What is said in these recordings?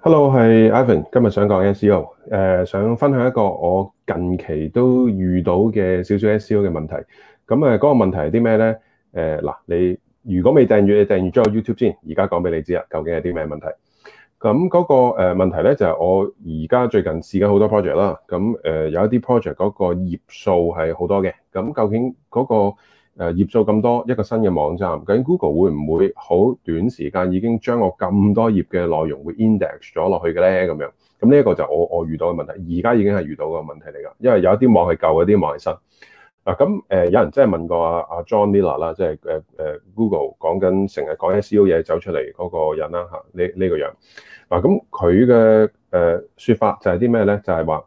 Hello，我係 Ivan，今日想講 SEO，誒、呃，想分享一個我近期都遇到嘅少少 SEO 嘅問題。咁誒，嗰個問題係啲咩咧？誒，嗱，你如果未訂閱，你訂閱咗 YouTube 先，而家講俾你知啊，究竟係啲咩問題？咁嗰、那個誒、呃、問題咧，就係、我而家最近試緊好多 project 啦。咁誒，有一啲 project 嗰個頁數係好多嘅。咁究竟嗰、那個？誒頁數咁多一個新嘅網站，究竟 Google 會唔會好短時間已經將我咁多頁嘅內容會 index 咗落去嘅咧？咁樣咁呢一個就我我遇到嘅問題，而家已經係遇到嘅問題嚟噶。因為有一啲網係舊，有啲網係新。嗱咁、誒、有人真係問過阿、啊、阿、啊、John Miller 啦、啊，即係誒誒、Google 講緊成日講 SEO 嘢走出嚟嗰個人啦，嚇呢呢個樣。嗱咁，佢嘅誒說法就係啲咩咧？就係話。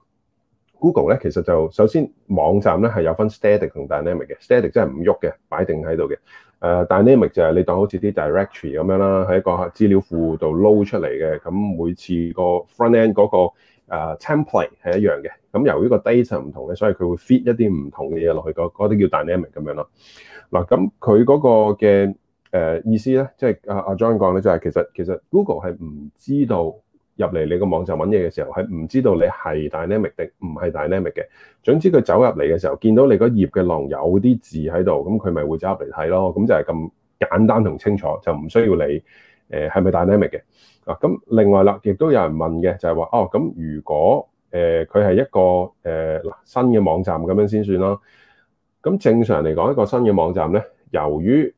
Google 咧，其實就首先網站咧係有分 static 同 dynamic 嘅，static 真係唔喐嘅，擺定喺度嘅。誒，dynamic 就係你當好似啲 directory 咁樣啦，喺一個資料庫度撈出嚟嘅。咁每次個 front end 嗰個誒 template 係一樣嘅。咁由於個 data 唔同咧，所以佢會 fit 一啲唔同嘅嘢落去。嗰啲叫 dynamic 咁樣咯。嗱，咁佢嗰個嘅誒意思咧，即係阿阿 John 講咧，就係其實其實 Google 係唔知道。入嚟你個網站揾嘢嘅時候，係唔知道你係 Dynamic 定唔係 Dynamic 嘅。總之佢走入嚟嘅時候，見到你個頁嘅浪有啲字喺度，咁佢咪會走入嚟睇咯。咁就係咁簡單同清楚，就唔需要你誒係咪 Dynamic 嘅。啊，咁另外啦，亦都有人問嘅，就係、是、話：哦，咁如果佢係、呃、一個、呃、新嘅網站，咁樣先算啦。咁正常嚟講，一個新嘅網站咧，由於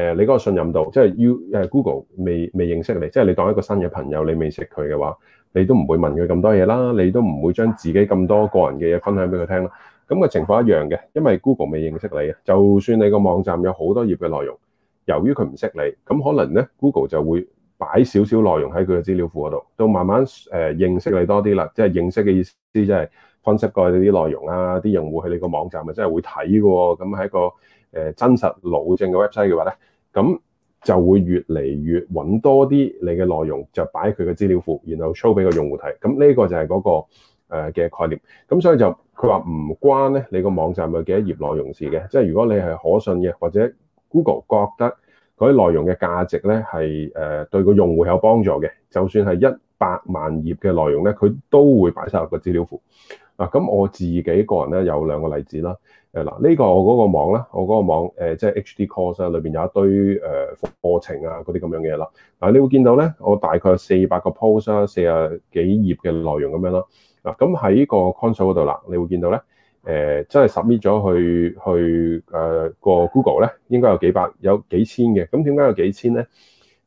誒你嗰個信任度，即係要誒 Google 未未認識你，即係你當一個新嘅朋友，你未識佢嘅話，你都唔會問佢咁多嘢啦，你都唔會將自己咁多個人嘅嘢分享俾佢聽啦。咁個情況一樣嘅，因為 Google 未認識你啊，就算你個網站有好多頁嘅內容，由於佢唔識你，咁可能咧 Google 就會擺少少內容喺佢嘅資料庫嗰度，到慢慢誒認識你多啲啦。即係認識嘅意思，即係分析過你啲內容啊，啲用戶喺你個網站咪真係會睇嘅喎。咁係一個誒真實老正嘅 website 嘅話咧。咁就會越嚟越揾多啲你嘅內容，就擺佢嘅資料庫，然後 show 俾個用戶睇。咁呢個就係嗰個嘅概念。咁所以就佢話唔關咧，你個網站有幾多頁內容事嘅。即係如果你係可信嘅，或者 Google 覺得嗰啲內容嘅價值咧係誒對個用戶有幫助嘅，就算係一百萬頁嘅內容咧，佢都會擺晒入個資料庫。嗱、啊，咁我自己個人咧有兩個例子啦，嗱、啊這個、呢個我嗰個網咧，我嗰個網、呃、即係 H D course 啊，裏面有一堆誒課、呃、程啊嗰啲咁樣嘅嘢啦。嗱、啊，你會見到咧，我大概有四百個 post 啊，四啊幾頁嘅內容咁樣啦嗱，咁、啊、喺個 console 嗰度啦，你會見到咧，誒、呃、真係 submit 咗去去誒、呃、個 Google 咧，應該有幾百有幾千嘅。咁點解有幾千咧？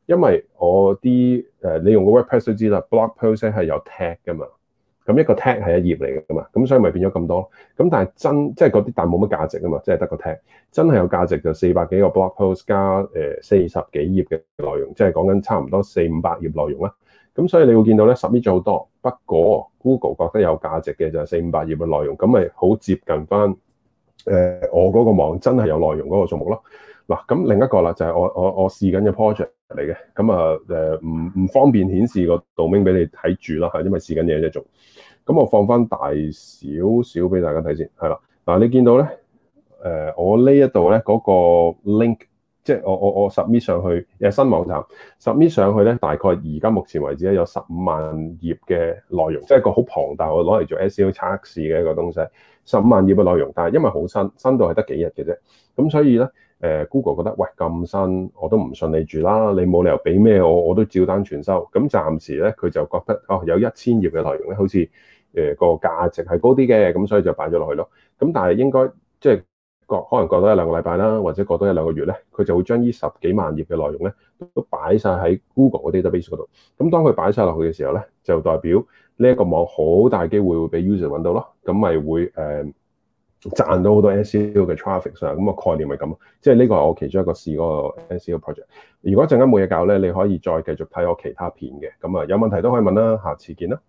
因為我啲誒、呃、你用個 WordPress 都知啦，blog post 係有 tag 噶嘛。咁一個 tag 係一頁嚟嘅嘛，咁所以咪變咗咁多咯。咁但係真即係嗰啲，但係冇乜價值啊嘛，即係得個 tag。真係有價值就四百幾個 blog post 加誒四十幾頁嘅內容，即係講緊差唔多四五百頁內容啦。咁所以你會見到咧，十縮咗好多。不過 Google 覺得有價值嘅就係四五百頁嘅內容，咁咪好接近翻誒、呃、我嗰個網真係有內容嗰個數目咯。咁、啊、另一個啦，就係我我我試緊嘅 project 嚟嘅，咁啊誒，唔唔方便顯示個 domain 俾你睇住啦，係因為試緊嘢一做，咁我放翻大少少俾大家睇先，係啦，嗱你見到咧誒，我呢一度咧嗰個 link，即係我我我 submit 上去誒新網站 submit 上去咧，大概而家目前為止咧有十五萬頁嘅內容，即係一個好龐大我攞嚟做 SEO 測試嘅一個東西，十五萬頁嘅內容，但係因為好新，新到係得幾日嘅啫，咁所以咧。誒 Google 覺得喂咁新，我都唔信你住啦，你冇理由俾咩我，我都照單全收。咁暫時咧，佢就覺得哦，有一千頁嘅內容咧，好似誒個價值係高啲嘅，咁所以就擺咗落去咯。咁但係應該即係過，可能過多一兩個禮拜啦，或者過多一兩個月咧，佢就會將呢十幾萬頁嘅內容咧都擺晒喺 Google 個 database 嗰度。咁當佢擺晒落去嘅時候咧，就代表呢一個網好大機會會俾 user 揾到咯。咁咪會誒。呃賺到好多 SEO 嘅 traffic 上，咁個概念係咁，即係呢個係我其中一個試嗰個 SEO project。如果陣間冇嘢搞呢，你可以再繼續睇我其他片嘅。咁啊，有問題都可以問啦，下次見啦。